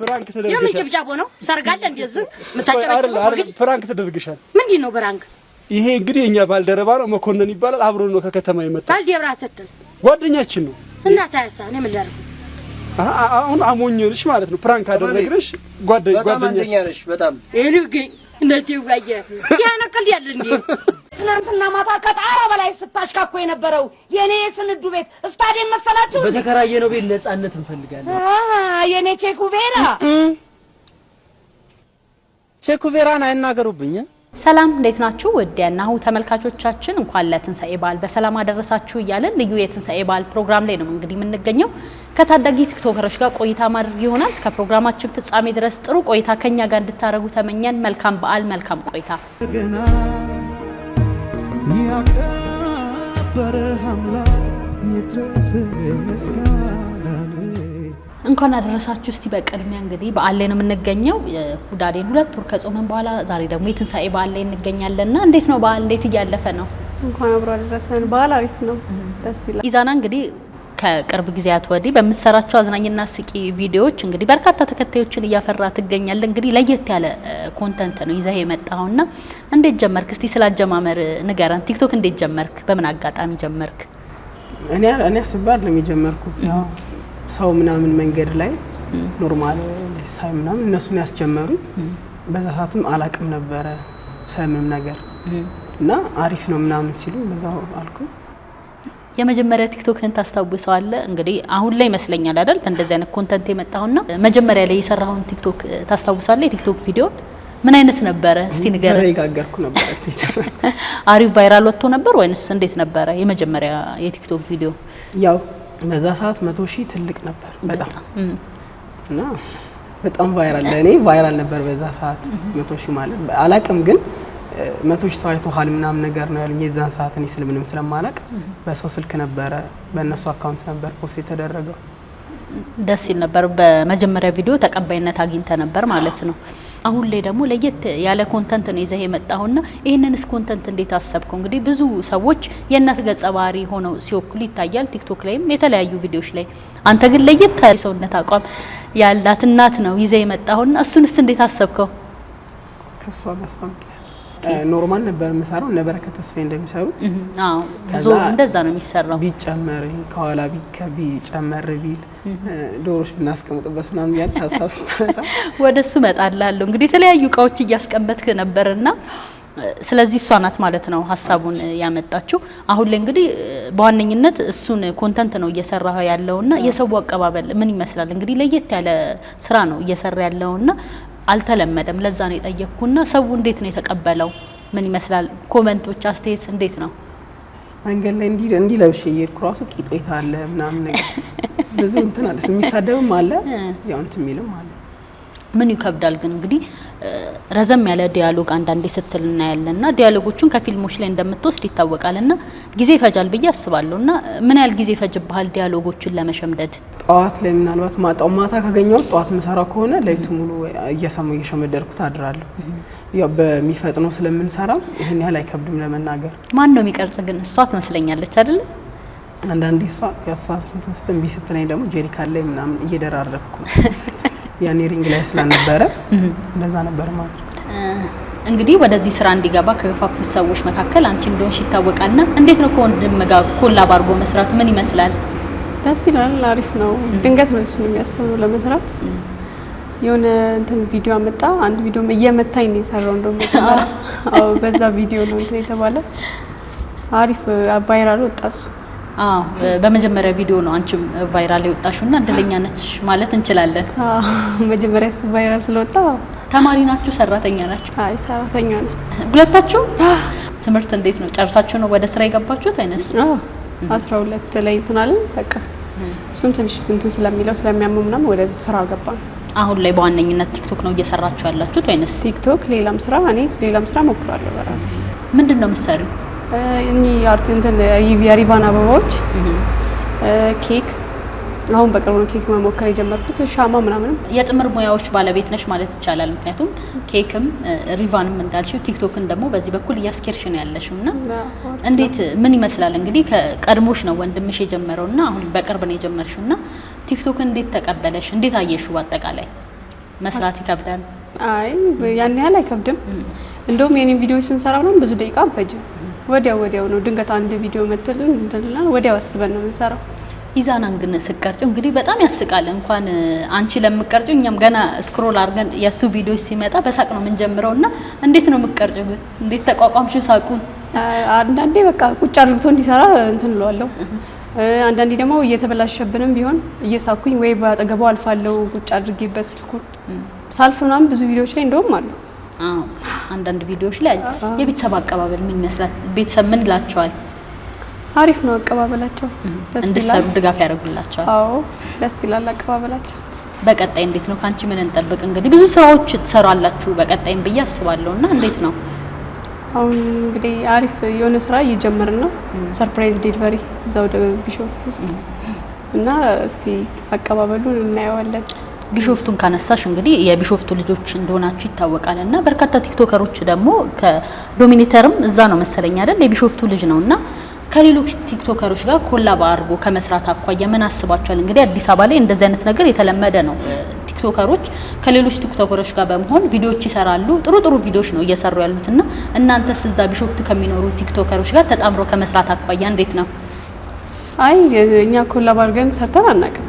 ፕራንክ ተደርገሻል። የምን ጭብጨቦ ነው? ሰርግ አለ እንደዚህ የምታጨበጭበው? እንግዲህ ፕራንክ ተደርገሻል። ምንድን ነው ፕራንክ? ይሄ እንግዲህ የኛ ባልደረባ ነው፣ መኮንን ይባላል። አብሮ ነው ከከተማ የመጣ ባልደረባ ስትል ጓደኛችን ነው። እና ታያሳ ነው ምን ላድርግ? አሁን አሞኝልሽ ማለት ነው። ፕራንክ አደረግንሽ። ጓደኛ ጓደኛ ነሽ በጣም ይሄ ግን እንደዚህ ያየ ያ ነቀል ያለ እንዴ ትናንትና ማታ ከጣራ በላይ ስታሽካኮ የነበረው የኔ ስንዱ ቤት ስታዲየም መሰላችሁ? በተከራየነው ቤት ነፃነት እንፈልጋለን። የኔ ቼኩቬራ ቼኩቬራን አይናገሩብኝ። ሰላም እንዴት ናችሁ? ውድ ያናሁ ተመልካቾቻችን እንኳን ለትንሳኤ በዓል በሰላም አደረሳችሁ እያለን ልዩ የትንሳኤ በዓል ፕሮግራም ላይ ነው እንግዲህ የምንገኘው። ከታዳጊ ቲክቶከሮች ጋር ቆይታ ማድረግ ይሆናል። እስከ ፕሮግራማችን ፍጻሜ ድረስ ጥሩ ቆይታ ከኛ ጋር እንድታደርጉ ተመኘን። መልካም በዓል፣ መልካም ቆይታ። ያከበረህ አምላክ ይድረስ ምስጋናህ። እንኳን አደረሳችሁ። እስቲ በቅድሚያ እንግዲህ በዓል ላይ ነው የምንገኘው። ሁዳዴን ሁለት ወር ከጾመን በኋላ ዛሬ ደግሞ የትንሳኤ በዓል ላይ እንገኛለን እንገኛለንና እንዴት ነው በዓል እንዴት እያለፈ ነው? እንኳን አብሮ አደረሰን። በዓል አሪፍ ነው፣ ደስ ይላል። ኢዛና እንግዲህ ከቅርብ ጊዜያት ወዲህ በምትሰራቸው አዝናኝና ስቂ ቪዲዮዎች እንግዲህ በርካታ ተከታዮችን እያፈራ ትገኛለ። እንግዲህ ለየት ያለ ኮንተንት ነው ይዘህ ና እንዴት ጀመርክ? እስቲ ስላጀማመር ንገረን። ቲክቶክ እንዴት ጀመርክ? በምን አጋጣሚ ጀመርክ? እኔ እኔ አስባር ነው የጀመርኩት። ያው ሰው ምናምን መንገድ ላይ ኖርማል ሳይ ምናምን እነሱን ያስጀመሩ በዛ ሰዓትም አላቅም ነበረ ሰምም ነገር እና አሪፍ ነው ምናምን ሲሉ በዛው አልኩኝ የመጀመሪያ ቲክቶክን ታስታውሰዋለ? እንግዲህ አሁን ላይ ይመስለኛል አይደል እንደዚህ አይነት ኮንተንት ና መጀመሪያ ላይ የሰራውን ቲክቶክ ታስታውሳለ? የቲክቶክ ቪዲዮ ምን አይነት ነበረ? እስቲ ንገረኝ። ነበር። አሪፍ ቫይራል ወጥቶ ነበር ወይንስ እንዴት ነበረ? የመጀመሪያ የቲክቶክ ቪዲዮ ያው በዛ ሰዓት መቶ ሺህ ትልቅ ነበር በጣም እና በጣም ቫይራል ለእኔ ቫይራል ነበር በዛ ሰዓት መቶ ሺህ ማለት አላቅም ግን መቶ ሺህ ሰው አይቶሃል ምናምን ነገር ነው ያሉኝ። የዛን ሰዓት እኔ ስልምንም ስለማላቅ በሰው ስልክ ነበረ በእነሱ አካውንት ነበር ፖስት የተደረገው። ደስ ሲል ነበር። በመጀመሪያ ቪዲዮ ተቀባይነት አግኝተ ነበር ማለት ነው። አሁን ላይ ደግሞ ለየት ያለ ኮንተንት ነው ይዘህ የመጣሁና ይህንንስ ኮንተንት እንዴት አሰብከው? እንግዲህ ብዙ ሰዎች የእናት ገጸ ባህሪ ሆነው ሲወክሉ ይታያል፣ ቲክቶክ ላይም የተለያዩ ቪዲዮዎች ላይ። አንተ ግን ለየት ያለ ሰውነት አቋም ያላት እናት ነው ይዘህ የመጣሁና እሱንስ እንዴት አሰብከው? ከሷ ኖርማል ነበር የምሰራው እነ በረከት ተስፋዬ እንደሚሰሩ ብዙ እንደዛ ነው የሚሰራው። ቢጨመር ከኋላ ጨመር ቢል ዶሮች ብናስቀምጥበት ምናምን እያለች ሀሳብ ስታመጣ ወደ እሱ እመጣላለሁ። እንግዲህ የተለያዩ እቃዎች እያስቀመጥክ ነበርና ስለዚህ እሷ ናት ማለት ነው ሀሳቡን ያመጣችው። አሁን ላይ እንግዲህ በዋነኝነት እሱን ኮንተንት ነው እየሰራ ያለውና የሰው አቀባበል ምን ይመስላል? እንግዲህ ለየት ያለ ስራ ነው እየሰራ ያለውና አልተለመደም። ለዛ ነው የጠየቅኩና ሰው እንዴት ነው የተቀበለው? ምን ይመስላል? ኮመንቶች፣ አስተያየት እንዴት ነው? መንገድ ላይ እንዲህ እንዲህ ለብሼ እየሄድኩ ራሱ ቂጦታ አለ ምናምን ነገር ብዙ እንትን አለ የሚሳደብም አለ ያው እንትን የሚልም አለ ምን ይከብዳል ግን እንግዲህ ረዘም ያለ ዲያሎግ አንዳንዴ ስትል እናያለን እና ዲያሎጎቹን ከፊልሞች ላይ እንደምትወስድ ይታወቃል እና ጊዜ ይፈጃል ብዬ አስባለሁ። እና ምን ያህል ጊዜ ይፈጅብሃል ዲያሎጎቹን ለመሸምደድ? ጠዋት ላይ ምናልባት ማጣው ማታ ካገኘው ጠዋት ምሰራው ከሆነ ለይቱ ሙሉ እየሰማሁ እየሸመደድኩት አድራለሁ። ያው በሚፈጥነው ስለምንሰራ ይህን ያህል አይከብድም ለመናገር። ማን ነው የሚቀርጽ ግን? እሷ ትመስለኛለች አይደለ? አንዳንዴ እሷ ያሷ ስትንቢ ስትለኝ ደግሞ ጄሪካን ላይ ምናምን እየደራረብኩ ያኔ ሪንግ ላይ ስላልነበረ እንደዛ ነበር ማለት ነው። እንግዲህ ወደዚህ ስራ እንዲገባ ከፋፉ ሰዎች መካከል አንቺ እንደሆንሽ ይታወቃልና እንዴት ነው ከወንድም ጋር ኮላብ አድርጎ መስራቱ ምን ይመስላል? ደስ ይላል። አሪፍ ነው። ድንገት ነው እሱን የሚያስበው ለመስራት የሆነ እንትን ቪዲዮ አመጣ። አንድ ቪዲዮ እየመታኝ ነው የሰራው እንደውም በዛ ቪዲዮ ነው እንትን የተባለ አሪፍ ቫይራል ወጣ እሱ በመጀመሪያ ቪዲዮ ነው አንቺም ቫይራል የወጣሽው እና እድለኛ ማለት እንችላለን። መጀመሪያ እሱ ቫይራል ስለወጣ ተማሪ ናችሁ ሰራተኛ ናችሁ? አይ ሰራተኛ ነው። ሁለታችሁ ትምህርት እንዴት ነው ጨርሳችሁ ነው ወደ ስራ የገባችሁት? አይነስ አስራ ሁለት ላይ እንትን በቃ እሱም ትንሽ እንትን ስለሚለው ስለሚያመው ምናምን ወደ ስራ ገባ አሁን ላይ በዋነኝነት ቲክቶክ ነው እየሰራችሁ ያላችሁት ወይንስ ቲክቶክ ሌላም ስራ? እኔ ሌላም ስራ ሞክራለሁ በራሴ። ምንድን ነው የምትሰሪው? እኚህ የሪቫን አበባዎች፣ ኬክ አሁን በቅርቡ ነው ኬክ መሞከር የጀመርኩት። ሻማ ምናምንም የጥምር ሙያዎች ባለቤት ነሽ ማለት ይቻላል። ምክንያቱም ኬክም ሪቫንም እንዳልሽው ቲክቶክን ደግሞ በዚህ በኩል እያስኬርሽ ነው ያለሽው እና እንዴት ምን ይመስላል እንግዲህ ከቀድሞሽ ነው ወንድምሽ የጀመረው እና አሁን በቅርብ ነው የጀመርሽው እና ቲክቶክን እንዴት ተቀበለሽ? እንዴት አየሽው? አጠቃላይ መስራት ይከብዳል? አይ ያን ያህል አይከብድም። እንደውም የኔን ቪዲዮዎች ስንሰራ ምናምን ብዙ ደቂቃ አንፈጅም ወዲያው ወዲያው ነው። ድንገት አንድ ቪዲዮ መጥቶልን እንትልና ወዲያው አስበን ነው የምንሰራው። ኢዛናን ግን ስቀርጭው እንግዲህ በጣም ያስቃል። እንኳን አንቺ ለምቀርጭው እኛም ገና ስክሮል አድርገን የእሱ ቪዲዮ ሲመጣ በሳቅ ነው የምንጀምረው። እና እንዴት ነው የምቀርጭው ግን እንዴት ተቋቋምሽው ሳቁን? አንዳንዴ በቃ ቁጭ አድርግቶ እንዲሰራ እንትን እለዋለሁ። አንዳንዴ ደግሞ እየተበላሸብንም ቢሆን እየሳኩኝ ወይ በአጠገቡ አልፋለሁ ቁጭ አድርጌበት ስልኩን ሳልፍ ምናምን ብዙ ቪዲዮዎች ላይ እንደውም አለው አንዳንድ ቪዲዮዎች ላይ የቤተሰብ አቀባበል ምን ይመስላል? ቤተሰብ ምን ላቸዋል? አሪፍ ነው አቀባበላቸው። እንድሰሩ ድጋፍ ያደርጉላቸዋል? አዎ ደስ ይላል አቀባበላቸው። በቀጣይ እንዴት ነው ከአንቺ ምን እንጠብቅ? እንግዲህ ብዙ ስራዎች ትሰራላችሁ በቀጣይም ብዬ አስባለሁ እና እንዴት ነው አሁን እንግዲህ አሪፍ የሆነ ስራ እየጀመርን ነው። ሰርፕራይዝ ዴሊቨሪ እዛው ቢሾፍት ውስጥ እና እስቲ አቀባበሉን እናየዋለን። ቢሾፍቱን ካነሳሽ እንግዲህ የቢሾፍቱ ልጆች እንደሆናችሁ ይታወቃል። እና በርካታ ቲክቶከሮች ደግሞ ከዶሚኔተርም እዛ ነው መሰለኝ አይደል የቢሾፍቱ ልጅ ነው እና ከሌሎች ቲክቶከሮች ጋር ኮላብ አድርጎ ከመስራት አኳያ ምን አስባቸዋል? እንግዲህ አዲስ አበባ ላይ እንደዚህ አይነት ነገር የተለመደ ነው። ቲክቶከሮች ከሌሎች ቲክቶከሮች ጋር በመሆን ቪዲዮዎች ይሰራሉ። ጥሩ ጥሩ ቪዲዮዎች ነው እየሰሩ ያሉትና እናንተስ እዛ ቢሾፍቱ ከሚኖሩ ቲክቶከሮች ጋር ተጣምሮ ከመስራት አኳያ እንዴት ነው? አይ እኛ ኮላብ አድርገን ሰርተን አናውቅም።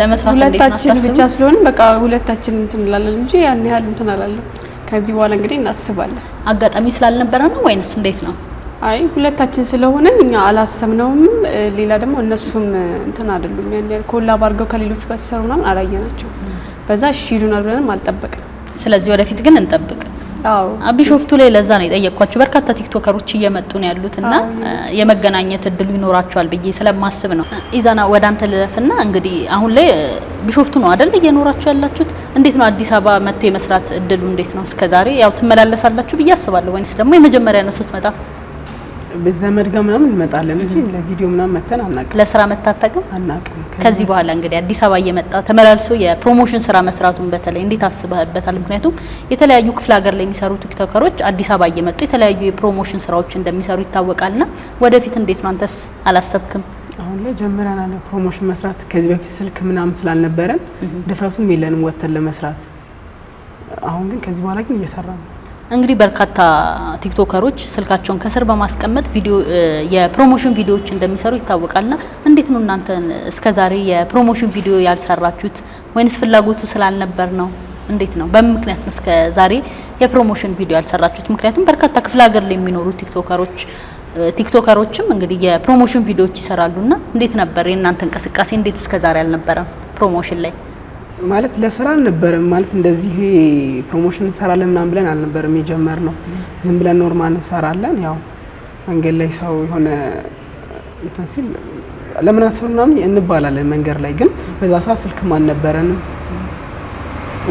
ለመስራት ሁለታችን ብቻ ስለሆነ በቃ ሁለታችን እንትን እንላለን እንጂ ያን ያህል እንትን አላለም። ከዚህ በኋላ እንግዲህ እናስባለን። አጋጣሚ ስላልነበረ ነው ወይንስ እንዴት ነው? አይ ሁለታችን ስለሆነን እኛ አላሰብነውም። ሌላ ደግሞ እነሱም እንትን አይደሉም። ያን ያህል ኮላብ አድርገው ከሌሎች ጋር ሲሰሩ ምናምን አላየናቸው። በዛ እሺ ይሉናል ብለንም አልጠበቅም። ስለዚህ ወደፊት ግን እንጠብቅ። ቢሾፍቱ ላይ ለዛ ነው የጠየቅኳችሁ። በርካታ ቲክቶከሮች እየመጡ ነው ያሉት እና የመገናኘት እድሉ ይኖራቸዋል ብዬ ስለማስብ ነው። ኢዛና ወደ አንተ ልለፍና እንግዲህ አሁን ላይ ቢሾፍቱ ነው አደል እየኖራችሁ ያላችሁት? እንዴት ነው አዲስ አበባ መጥቶ የመስራት እድሉ እንዴት ነው? እስከዛሬ ያው ትመላለሳላችሁ ብዬ አስባለሁ፣ ወይንስ ደግሞ የመጀመሪያ ነው ስትመጣ? ዘመድ ጋር ምናምን እንመጣለን እንጂ ለቪዲዮ ምናምን መተን አናውቅም። ለስራ መታጠቅም አናውቅም። ከዚህ በኋላ እንግዲህ አዲስ አበባ እየመጣ ተመላልሶ የፕሮሞሽን ስራ መስራቱን በተለይ እንዴት አስበህበታል? ምክንያቱም የተለያዩ ክፍለ ሀገር ላይ የሚሰሩ ቲክቶከሮች አዲስ አበባ እየመጡ የተለያዩ የፕሮሞሽን ስራዎች እንደሚሰሩ ይታወቃልና ወደፊት እንዴት ነው አንተስ አላሰብክም? አሁን ላይ ጀምረናል ፕሮሞሽን መስራት። ከዚህ በፊት ስልክ ምናምን ስላልነበረን ድፍረቱም የለንም ወተን ለመስራት። አሁን ግን ከዚህ በኋላ ግን እየሰራ ነው እንግዲህ በርካታ ቲክቶከሮች ስልካቸውን ከስር በማስቀመጥ ቪዲዮ የፕሮሞሽን ቪዲዮዎች እንደሚሰሩ ይታወቃልና እንዴት ነው እናንተ እስከዛሬ የፕሮሞሽን ቪዲዮ ያልሰራችሁት? ወይንስ ፍላጎቱ ስላልነበር ነው? እንዴት ነው? በምን ምክንያት ነው እስከዛሬ የፕሮሞሽን ቪዲዮ ያልሰራችሁት? ምክንያቱም በርካታ ክፍለ ሀገር ላይ የሚኖሩ ቲክቶከሮች ቲክቶከሮችም እንግዲህ የፕሮሞሽን ቪዲዮዎች ይሰራሉና እንዴት ነበር የእናንተ እንቅስቃሴ? እንዴት እስከዛሬ አልነበረም ፕሮሞሽን ላይ ማለት ለስራ አልነበረም ማለት እንደዚህ ፕሮሞሽን እንሰራለን ምናምን ብለን አልነበረም የጀመርነው። ዝም ብለን ኖርማል እንሰራለን። ያው መንገድ ላይ ሰው የሆነ እንትን ሲል ለምን አሰሩ ምናምን እንባላለን መንገድ ላይ ግን በዛ ሰዓት ስልክም አልነበረንም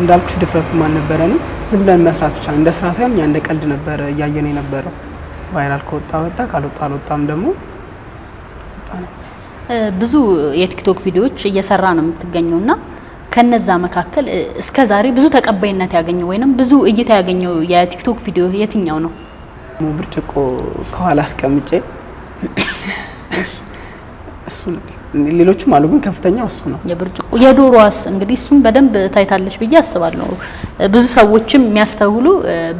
እንዳልኩሽ ድፍረቱም አልነበረንም። ዝም ብለን መስራት ብቻ እንደ ስራ ሳይሆን እኛ እንደ ቀልድ ነበረ እያየን የነበረው። ቫይራል ከወጣ ወጣ፣ ካልወጣ አልወጣም ደግሞ ወጣ ነው። ብዙ የቲክቶክ ቪዲዮዎች እየሰራ ነው የምትገኘው እና ከነዛ መካከል እስከ ዛሬ ብዙ ተቀባይነት ያገኘው ወይም ብዙ እይታ ያገኘው የቲክቶክ ቪዲዮ የትኛው ነው? ብርጭቆ ከኋላ አስቀምጬ እሱ ሌሎቹም አሉ፣ ግን ከፍተኛው እሱ ነው። የብርጭቆ የዶሮዋስ እንግዲህ እሱም በደንብ ታይታለች ብዬ አስባለሁ። ብዙ ሰዎችም የሚያስተውሉ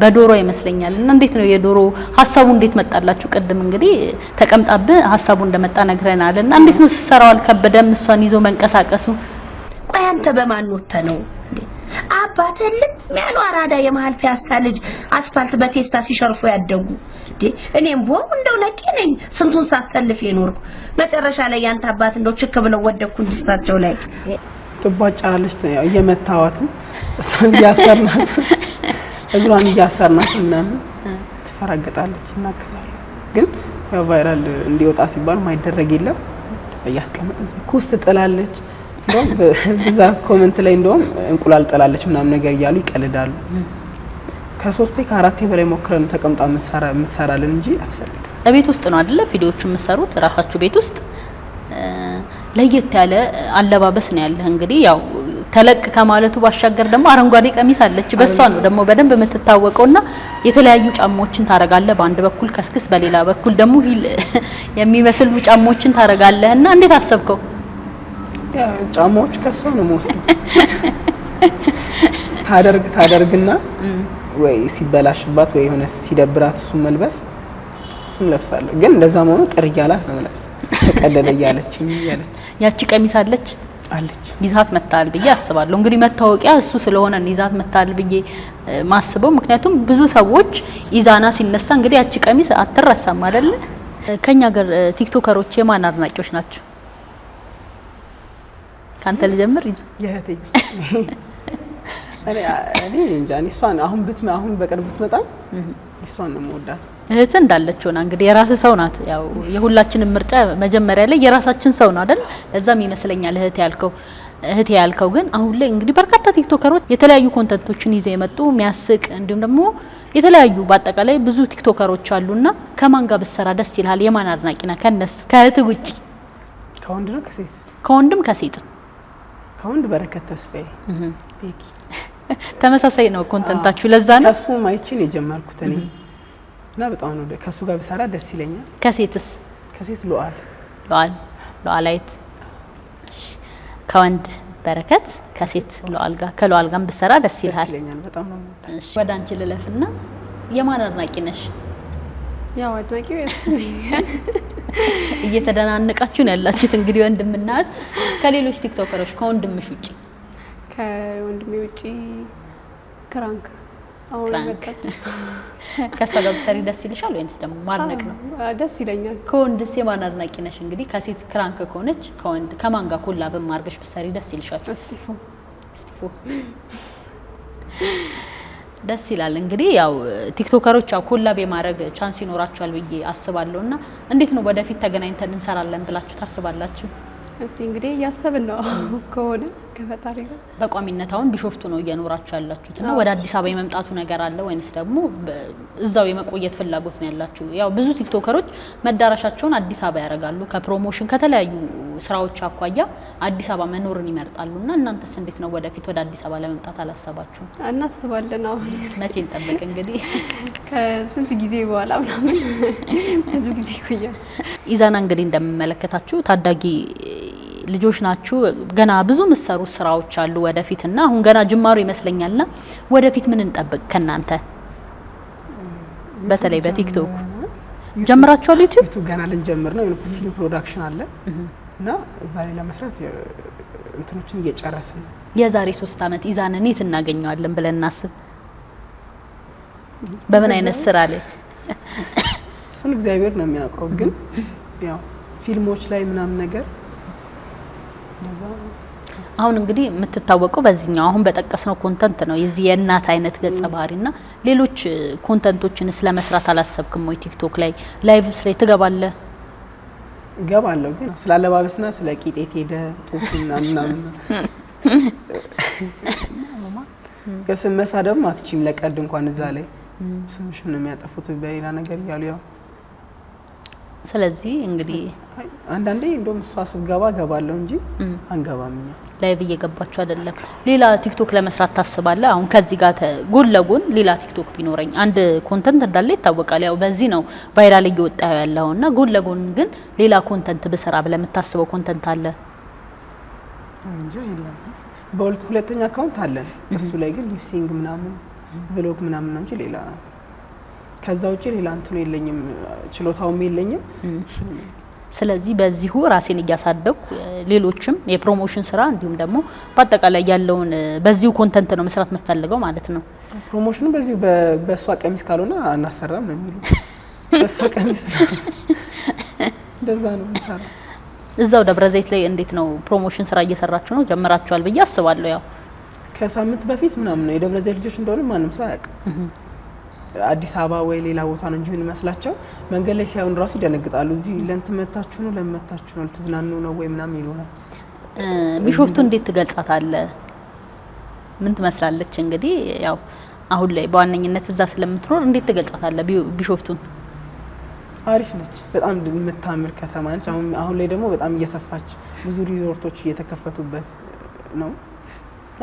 በዶሮ ይመስለኛል። እና እንዴት ነው የዶሮ ሀሳቡ እንዴት መጣላችሁ? ቅድም እንግዲህ ተቀምጣብህ ሀሳቡ እንደመጣ ነግረናል። እና እንዴት ነው ስሰራዋል አልከበደም? እሷን ይዞ መንቀሳቀሱ ቆይ አንተ በማን ወተ ነው አባትህ ልም ያሉ አራዳ የመሀል ፒያሳ ልጅ አስፋልት በቴስታ ሲሸርፉ ያደጉ እኔም ቦም እንደው ነቄ ነኝ ስንቱን ሳሰልፍ የኖርኩ መጨረሻ ላይ ያንተ አባት እንደው ችክ ብለው ወደኩ እንጂ እሳቸው ላይ ትቧጫራለች እየመታዋትም እሷን እያሰርናት እግሯን እያሰርናት ምናምን ትፈራገጣለች እናከሳለ ግን ያው ቫይራል እንዲወጣ ሲባል ማይደረግ የለም እያስቀመጥን ኩስ ትጥላለች እንደውም እዛ ኮመንት ላይ እንደውም እንቁላል ጥላለች ምናምን ነገር እያሉ ይቀልዳሉ። ከሶስቴ ከአራቴ በላይ ሞክረን ተቀምጣ የምትሰራልን እንጂ አትፈልግም። ቤት ውስጥ ነው አይደለ? ቪዲዮቹ የምትሰሩት ራሳችሁ ቤት ውስጥ ለየት ያለ አለባበስ ነው ያለህ። እንግዲህ ያው ተለቅ ከማለቱ ባሻገር ደግሞ አረንጓዴ ቀሚስ አለች። በሷ ነው ደግሞ በደንብ እና የተለያዩ ጫማዎችን ታረጋለህ። በአንድ በኩል ከስክስ፣ በሌላ በኩል ደግሞ ሂል የሚመስሉ ጫማዎችን ታረጋለህና እንዴት አሰብከው? ጫማዎች ከሰው ነው መወስደው። ታደርግ ታደርግና ወይ ሲበላሽባት ወይ የሆነ ሲደብራት እሱም መልበስ እሱም ለብሳለሁ። ግን እንደዛ መሆኑ ቅር እያላት ነው ለብስ ተቀደደ እያለች እያለች ያቺ ቀሚስ አለች አለች ይዛት መታል ብዬ አስባለሁ። እንግዲህ መታወቂያ እሱ ስለሆነ ይዛት መታል ብዬ ማስበው፣ ምክንያቱም ብዙ ሰዎች ኢዛና ሲነሳ እንግዲህ ያቺ ቀሚስ አትረሳም አይደለ? ከኛ ሀገር ቲክቶከሮች የማን አድናቂዎች ናቸው? ከአንተ ልጀምር ይዙ የእህቴ እኔ እንጃ እሷን አሁን ብትመ አሁን በቅርብ ብትመጣ እሷን ነው የምወዳት። እህት እንዳለችው ና እንግዲህ የራስ ሰው ናት። ያው የሁላችንም ምርጫ መጀመሪያ ላይ የራሳችን ሰው ነው አይደል? እዛም ይመስለኛል እህት ያልከው እህት ያልከው ግን አሁን ላይ እንግዲህ በርካታ ቲክቶከሮች የተለያዩ ኮንተንቶችን ይዘው የመጡ የሚያስቅ እንዲሁም ደግሞ የተለያዩ በአጠቃላይ ብዙ ቲክቶከሮች አሉና ከማን ጋር ብትሰራ ደስ ይልሃል? የማን አድናቂ ነህ? ከነሱ ከእህት ውጪ ከወንድም ከሴት ከወንድም ከሴት አካውንት በረከት ተስፋዬ ቤኪ ተመሳሳይ ነው ኮንተንታችሁ። ለዛ ነው ከሱ ማይችን የጀመርኩት እኔ እና በጣም ነው ከሱ ጋር ብሰራ ደስ ይለኛል። ከሴትስ ከሴት ሉአል ሉአል ሉአላይት ከወንድ በረከት ከሴት ሉአል ጋር ከሉአል ጋር ብሰራ ደስ ይላል። ደስ ይለኛል በጣም ነው። እሺ ወደ አንቺ ልለፍና የማን አድናቂ ነሽ? ያው አድናቂው እየተደናነቃችሁ ነው ያላችሁት። እንግዲህ ወንድምናት ከሌሎች ቲክቶከሮች ከወንድምሽ ውጪ ከወንድሜ ውጪ ክራንክ ከእሷ ጋር ብትሰሪ ደስ ይልሻል ወይንስ ደግሞ ማድነቅ ነው? ደስ ይለኛል። ከወንድስ የማን አድናቂ ነሽ? እንግዲህ ከሴት ክራንክ ከሆነች ከወንድ ከማን ጋር ኮላብ አድርገሽ ብትሰሪ ደስ ይልሻል? እስጢፎ እስጢፎ ደስ ይላል። እንግዲህ ያው ቲክቶከሮች ያው ኮላብ የማድረግ ቻንስ ይኖራቸዋል ብዬ አስባለሁ። እና እንዴት ነው ወደፊት ተገናኝተን እንሰራለን ብላችሁ ታስባላችሁ? እስቲ እንግዲህ እያሰብን ነው ከሆነ ከፈጣሪ ጋር በቋሚነት አሁን ቢሾፍቱ ነው እየኖራችሁ ያላችሁት እና ወደ አዲስ አበባ የመምጣቱ ነገር አለ ወይንስ ደግሞ እዛው የመቆየት ፍላጎት ነው ያላችሁ? ያው ብዙ ቲክቶከሮች መዳረሻቸውን አዲስ አበባ ያደርጋሉ። ከፕሮሞሽን ከተለያዩ ስራዎች አኳያ አዲስ አበባ መኖርን ይመርጣሉ እና እናንተስ እንዴት ነው ወደፊት ወደ አዲስ አበባ ለመምጣት አላሰባችሁም? እናስባለን። አሁን መቼ እንጠብቅ እንግዲህ ከስንት ጊዜ በኋላ ምናምን ብዙ ጊዜ ይቆያል። ኢዛና እንግዲህ እንደምመለከታችሁ ታዳጊ ልጆች ናችሁ፣ ገና ብዙ ምሰሩ ስራዎች አሉ ወደፊት እና አሁን ገና ጅማሩ ና ወደፊት ምን እንጠብቅ ከእናንተ በተለይ በቲክቶክ ጀምራችኋል? ዩቲዩብ ገና ልንጀምር ነው። ፊልም ፕሮዳክሽን አለ እና እዛ ላይ ለመስራት እንትኖችን እየጨረስን ነው። የዛሬ ሶስት አመት ኢዛንን የት እናገኘዋለን ብለን እናስብ። በምን አይነት ስራ ላይ እሱን እግዚአብሔር ነው የሚያውቀው። ግን ያው ፊልሞች ላይ ምናምን ነገር አሁን እንግዲህ የምትታወቀው በዚህኛው አሁን በጠቀስነው ኮንተንት ነው። የዚህ የእናት አይነት ገጸ ባህሪ ና ሌሎች ኮንተንቶችን ስለ መስራት አላሰብክም ወይ? ቲክቶክ ላይ ላይቭ ስለ ትገባለ? እገባለሁ፣ ግን ስለ አለባበስ ና ስለ ቂጤት ሄደ ጡፍና ምናምን ከስመሳ ደግሞ አትችም። ለቀድ እንኳን እዛ ላይ ስምሽን ነው የሚያጠፉት በሌላ ነገር እያሉ ያው ስለዚህ እንግዲህ አንዳንዴ እንደውም እሷ ስትገባ ገባለሁ እንጂ አንገባም። ላይቭ እየገባችሁ አይደለም። ሌላ ቲክቶክ ለመስራት ታስባለ አሁን ከዚህ ጋር ጎን ለጎን ሌላ ቲክቶክ ቢኖረኝ አንድ ኮንተንት እንዳለ ይታወቃል። ያው በዚህ ነው ቫይራል እየወጣ ያለው እና ጎን ለጎን ግን ሌላ ኮንተንት ብሰራ ብለህ የምታስበው ኮንተንት አለ? በሁለተኛ አካውንት አለን። እሱ ላይ ግን ሊፕሲንግ ምናምን ብሎግ ምናምን ነው እንጂ ሌላ ከዛ ውጭ ሌላ እንትኑ የለኝም፣ ችሎታውም የለኝም። ስለዚህ በዚሁ ራሴን እያሳደግኩ ሌሎችም የፕሮሞሽን ስራ እንዲሁም ደግሞ በአጠቃላይ ያለውን በዚሁ ኮንተንት ነው መስራት የምፈልገው ማለት ነው። ፕሮሞሽኑ በዚሁ በእሷ ቀሚስ ካልሆነ አናሰራም ነው የሚሉ በእሷ ቀሚስ እንደዛ ነው ምሰራ። እዛው ደብረ ዘይት ላይ እንዴት ነው ፕሮሞሽን ስራ እየሰራችሁ ነው? ጀምራችኋል ብዬ አስባለሁ። ያው ከሳምንት በፊት ምናምን ነው የደብረ ዘይት ልጆች እንደሆነ ማንም ሰው አያውቅም። አዲስ አበባ ወይ ሌላ ቦታ ነው እንጂ መስላቸው መንገድ ላይ ሲያዩን ራሱ ይደነግጣሉ። እዚህ ለእንትን ነው ለመታችሁ ነው ልትዝናኑ ነው ወይ ምናምን ይሉናል። ቢሾፍቱ እንዴት ትገልጻታለህ? ምን ትመስላለች? እንግዲህ ያው አሁን ላይ በዋነኝነት እዛ ስለምትኖር እንዴት ትገልጻታለህ ቢሾፍቱን? አሪፍ ነች። በጣም የምታምር ከተማ ነች። አሁን አሁን ላይ ደግሞ በጣም እየሰፋች ብዙ ሪዞርቶች እየተከፈቱበት ነው።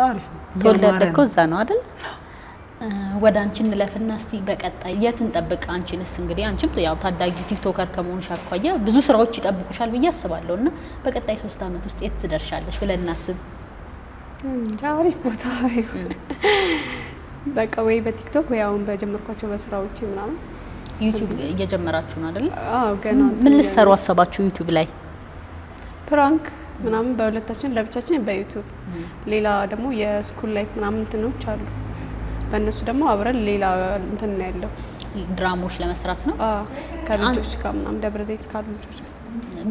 አሪፍ ነው። ያደግከው እዛ ነው አይደል? ወደ አንቺ እንለፍና እስቲ በቀጣይ የት እንጠብቅ? አንቺንስ እንግዲህ አንቺም ያው ታዳጊ ቲክቶከር ከመሆንሽ አኳያ ብዙ ስራዎች ይጠብቁሻል ብዬ አስባለሁ እና በቀጣይ ሶስት አመት ውስጥ የት ትደርሻለሽ ብለን እናስብ። አሪፍ ቦታ በቃ ወይ በቲክቶክ ወይ አሁን በጀመርኳቸው በስራዎች ምናምን ዩቲዩብ እየጀመራችሁ ነው አይደል? አዎ ገና። ምን ልትሰሩ አሰባችሁ ዩቲዩብ ላይ? ፕራንክ ምናምን በሁለታችን ለብቻችን በዩቲዩብ ሌላ ደግሞ የስኩል ላይፍ ምናምን እንትኖች አሉ በእነሱ ደግሞ አብረን ሌላ እንትን ያለው ድራሞች ለመስራት ነው ከልጆች ጋር ምናምን ደብረ ዘይት ካሉ ልጆች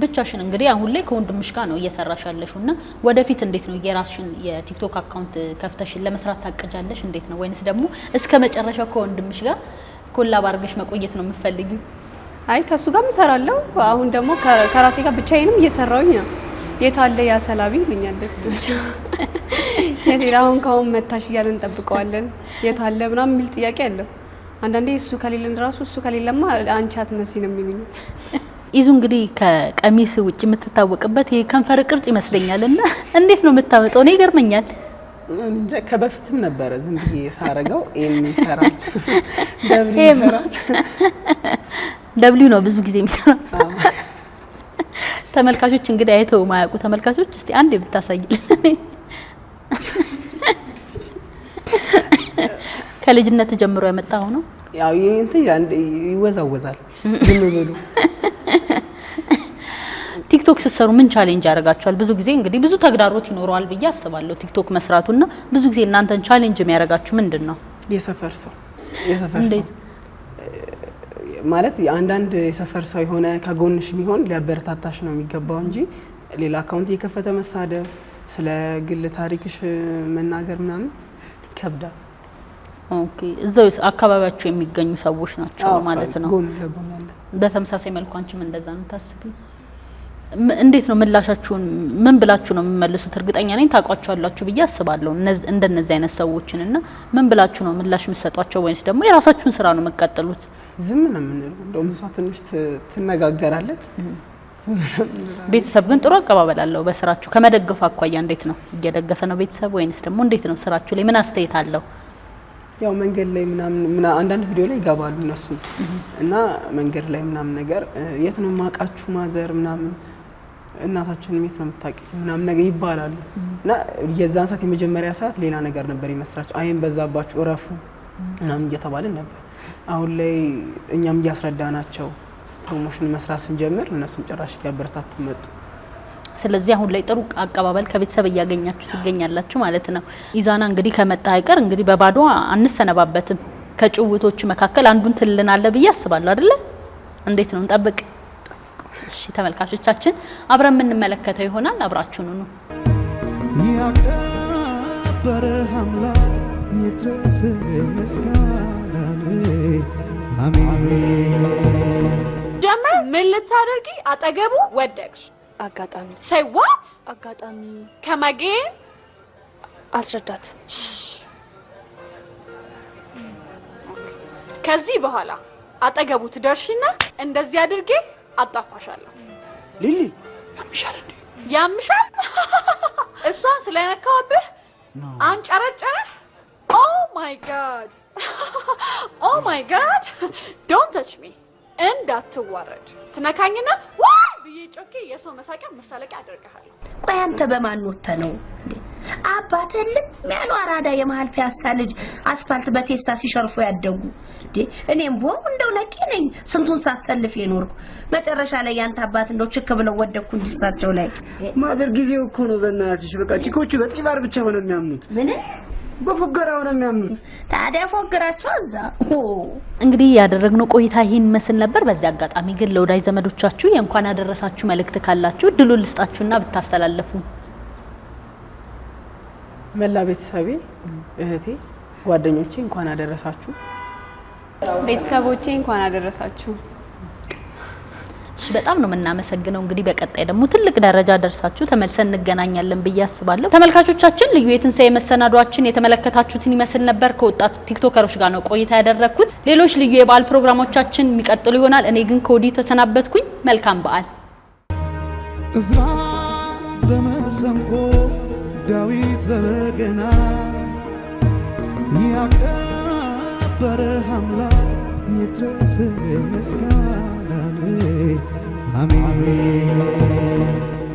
ብቻሽን እንግዲህ አሁን ላይ ከወንድምሽ ጋር ነው እየሰራሽ ያለሽው እና ወደፊት እንዴት ነው የራስሽን የቲክቶክ አካውንት ከፍተሽን ለመስራት ታቅጃለሽ? እንዴት ነው ወይንስ ደግሞ እስከ መጨረሻው ከወንድምሽ ጋር ኮላብ አድርገሽ መቆየት ነው የምትፈልጊው? አይ ከእሱ ጋር ምሰራለው አሁን ደግሞ ከራሴ ጋር ብቻዬንም እየሰራውኝ ነው። የታለ ያሰላቢ ሰላቢ ደስ ደስ የቴላ አሁን ካሁን መታሽ እያለን እንጠብቀዋለን። የት አለ ምናምን የሚል ጥያቄ አለው። አንዳንዴ እሱ ከሌለን ራሱ እሱ ከሌለማ አንቺ አትመሲ ነው የሚሉኝ። ይዙ እንግዲህ ከቀሚስ ውጭ የምትታወቅበት ከንፈር ቅርጽ ይመስለኛል። እና እንዴት ነው የምታወጣው? ነው ይገርመኛል። ከበፊትም ነበረ ዝም ብዬ ሳረገው ይሰራል። ደብሊው ነው ብዙ ጊዜ የሚሰራ ተመልካቾች እንግዲህ አይተው ማያውቁ ተመልካቾች እስቲ አንድ ብታሳይልን። ከልጅነት ጀምሮ የመጣው ነው። ያው ይወዛወዛል። ዝም ብሉ። ቲክቶክ ስትሰሩ ምን ቻሌንጅ ያደርጋችኋል? ብዙ ጊዜ እንግዲህ ብዙ ተግዳሮት ይኖረዋል ብዬ አስባለሁ። ቲክቶክ መስራቱና ብዙ ጊዜ እናንተን ቻሌንጅ የሚያደርጋችሁ ምንድን ነው? የሰፈር ሰው የሰፈር ሰው ማለት አንዳንድ የሰፈር ሰው የሆነ ከጎንሽ የሚሆን ሊያበረታታሽ ነው የሚገባው እንጂ ሌላ አካውንት እየከፈተ መሳደብ ስለ ግል ታሪክሽ መናገር ምናምን ይከብዳል። ኦኬ እዛው አካባቢያቸው የሚገኙ ሰዎች ናቸው ማለት ነው። በተመሳሳይ መልኩ አንቺም እንደዛ ነው ታስቢ። እንዴት ነው ምላሻችሁን? ምን ብላችሁ ነው የምመልሱት? እርግጠኛ ነኝ ታውቋቸዋላችሁ ብዬ አስባለሁ እንደነዚህ አይነት ሰዎችን እና ምን ብላችሁ ነው ምላሽ የምትሰጧቸው? ወይንስ ደግሞ የራሳችሁን ስራ ነው የምትቀጥሉት? ዝም ነው የምንለው። እንደውም እሷ ትንሽ ትነጋገራለች ቤተሰብ ግን ጥሩ አቀባበል አለው በስራችሁ ከመደገፉ አኳያ እንዴት ነው እየደገፈ ነው ቤተሰብ ወይንስ ደግሞ እንዴት ነው ስራችሁ ላይ ምን አስተያየት አለው ያው መንገድ ላይ ምናምን አንዳንድ ቪዲዮ ላይ ይገባሉ እነሱ እና መንገድ ላይ ምናምን ነገር የት ነው ማቃችሁ ማዘር ምናምን እናታችንም የት ነው የምታውቂ ምናምን ነገር ይባላሉ እና የዛን ሰዓት የመጀመሪያ ሰዓት ሌላ ነገር ነበር የመስራቸው አይን በዛባችሁ እረፉ ምናምን እየተባልን ነበር አሁን ላይ እኛም እያስረዳ ናቸው ፕሮሞሽን መስራት ስንጀምር እነሱም ጭራሽ እያበረታቱ መጡ። ስለዚህ አሁን ላይ ጥሩ አቀባበል ከቤተሰብ እያገኛችሁ ትገኛላችሁ ማለት ነው። ኢዛና እንግዲህ ከመጣ አይቀር እንግዲህ በባዶ አንሰነባበትም። ከጭውቶች መካከል አንዱን ትልልናለ ብዬ አስባለሁ አይደለ? እንዴት ነው እንጠብቅ? እሺ ተመልካቾቻችን አብረን የምንመለከተው ይሆናል። አብራችሁኑ ነው ያከበረ አምላክ ልታደርጊ አጠገቡ ወደቅሽ። አጋጣሚ ሰይ ዋት አጋጣሚ ከመጌን አስረዳት። ከዚህ በኋላ አጠገቡ ትደርሽና እንደዚህ አድርጌ አጣፋሻለሁ። ሊሊ ያምሻል እንዴ? ያምሻል። እሷን ስለነካውብህ አንጨረጨረህ። ኦ ማይ ጋድ ኦ ማይ ጋድ ዶንት ተች ሚ እንዳትዋረድ ትነካኝና ዋ ብዬ ጮኬ የሰው መሳቂያ መሳለቂያ አደርግሃለሁ። ቆይ አንተ በማን ሞተ ነው አባተ ልም ያሉ አራዳ የመሀል ፒያሳ ልጅ አስፋልት በቴስታ ሲሸርፎ ያደጉ እኔም ቦም እንደው ነቂ ነኝ ስንቱን ሳሰልፍ የኖርኩ መጨረሻ ላይ ያንተ አባት እንደው ችክ ብለው ወደኩ እንዲሳቸው ላይ ማዘር ጊዜው እኮ ነው በእናትሽ በቃ ቺኮቹ በጢባር ብቻ ሆነ የሚያምኑት ምን በፎገራ ሆነ የሚያምኑት ታዲያ ፎገራቸው እዛ እንግዲህ ያደረግነው ቆይታ ይህን መስል ነበር በዚህ አጋጣሚ ግን ለወዳጅ ዘመዶቻችሁ የእንኳን ያደረሳችሁ መልእክት ካላችሁ ድሉ ልስጣችሁና ብታስተላለፉ መላ ቤተሰቤ፣ እህቴ፣ ጓደኞቼ እንኳን አደረሳችሁ። ቤተሰቦቼ እንኳን አደረሳችሁ። በጣም ነው የምናመሰግነው። እንግዲህ በቀጣይ ደግሞ ትልቅ ደረጃ ደርሳችሁ ተመልሰን እንገናኛለን ብዬ አስባለሁ። ተመልካቾቻችን ልዩ የትንሳኤ መሰናዷችን የተመለከታችሁትን ይመስል ነበር። ከወጣት ቲክቶከሮች ጋር ነው ቆይታ ያደረግኩት። ሌሎች ልዩ የበዓል ፕሮግራሞቻችን የሚቀጥሉ ይሆናል። እኔ ግን ከወዲህ ተሰናበትኩኝ። መልካም በዓል። ዳዊት በበገና ያከበረህ አምላክ ይድረስህ ምስጋናህ አሜን